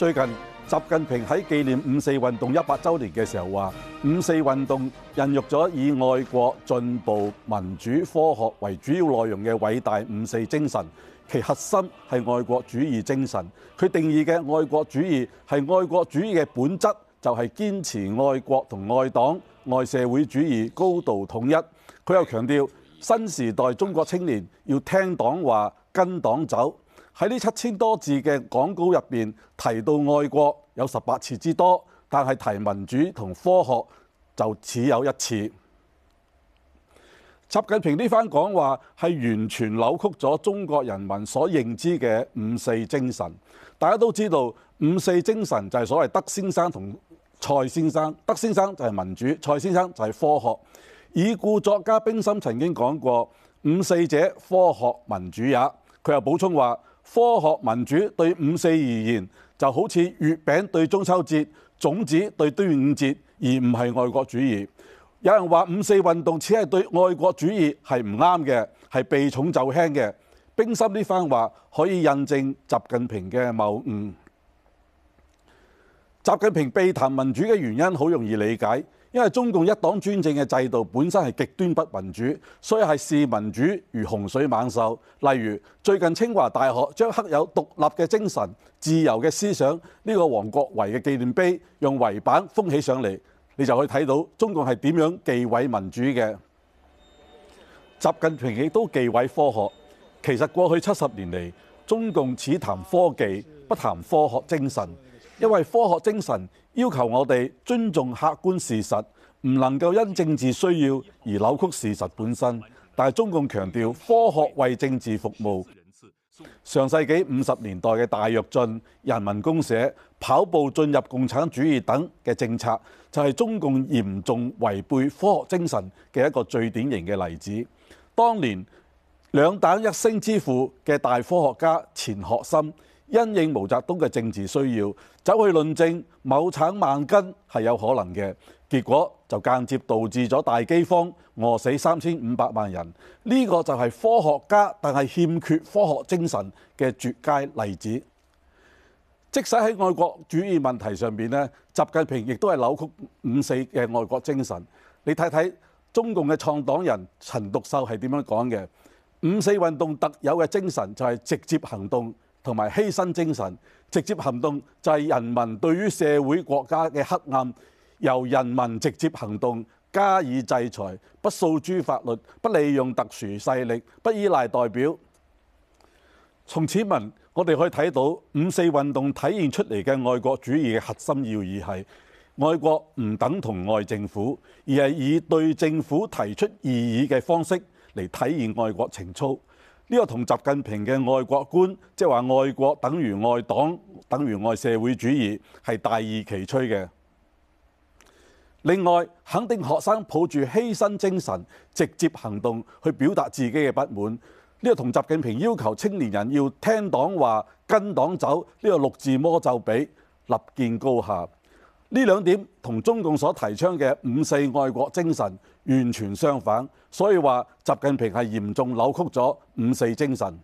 最近習近平喺紀念五四運動一百週年嘅時候話，五四運動孕育咗以愛國、進步、民主、科學為主要內容嘅偉大五四精神，其核心係愛國主義精神。佢定義嘅愛國主義係愛國主義嘅本質就係、是、堅持愛國同愛黨、愛社會主義高度統一。佢又強調，新時代中國青年要聽黨話、跟黨走。喺呢七千多字嘅廣告入面，提到愛國有十八次之多，但係提民主同科學就只有一次。習近平呢番講話，係完全扭曲咗中國人民所認知嘅五四精神。大家都知道，五四精神就係所謂德先生同蔡先生。德先生就係民主，蔡先生就係科學。已故作家冰心曾經講過，五四者，科學民主也。佢又補充話。科學民主對五四而言，就好似月餅對中秋節，粽子對端午節，而唔係愛國主義。有人話五四運動只係對愛國主義係唔啱嘅，係避重就輕嘅。冰心呢番話可以印證習近平嘅謬誤。習近平避談民主嘅原因好容易理解。因為中共一黨專政嘅制度本身係極端不民主，所以係視民主如洪水猛獸。例如最近清華大學將刻有獨立嘅精神、自由嘅思想呢、這個王國維嘅紀念碑用圍板封起上嚟，你就可以睇到中共係點樣忌諱民主嘅。習近平亦都忌諱科學。其實過去七十年嚟，中共只談科技，不談科學精神。因為科學精神要求我哋尊重客觀事實，唔能夠因政治需要而扭曲事實本身。但係中共強調科學為政治服務。上世紀五十年代嘅大躍進、人民公社、跑步進入共產主義等嘅政策，就係中共嚴重違背科學精神嘅一個最典型嘅例子。當年兩彈一星之父嘅大科學家錢學森。因應毛澤東嘅政治需要，走去論證畝產萬斤係有可能嘅，結果就間接導致咗大饑荒，餓死三千五百萬人。呢、這個就係科學家但係欠缺科學精神嘅絕佳例子。即使喺愛國主義問題上邊咧，習近平亦都係扭曲五四嘅愛國精神。你睇睇中共嘅創黨人陳獨秀係點樣講嘅？五四運動特有嘅精神就係直接行動。同埋犧牲精神，直接行動，就係人民對於社會國家嘅黑暗，由人民直接行動加以制裁，不訴諸法律，不利用特殊勢力，不依賴代表。從此文，我哋可以睇到五四運動體現出嚟嘅愛國主義嘅核心要義係：愛國唔等同愛政府，而係以對政府提出異議嘅方式嚟體現愛國情操。呢個同習近平嘅愛國觀，即係話愛國等於愛黨，等於愛社會主義，係大異其趣嘅。另外，肯定學生抱住犧牲精神，直接行動去表達自己嘅不滿，呢、這個同習近平要求青年人要聽黨話、跟黨走，呢、這個六字魔咒比立見高下。呢兩點同中共所提倡嘅五四愛國精神，完全相反，所以話習近平係嚴重扭曲咗五四精神。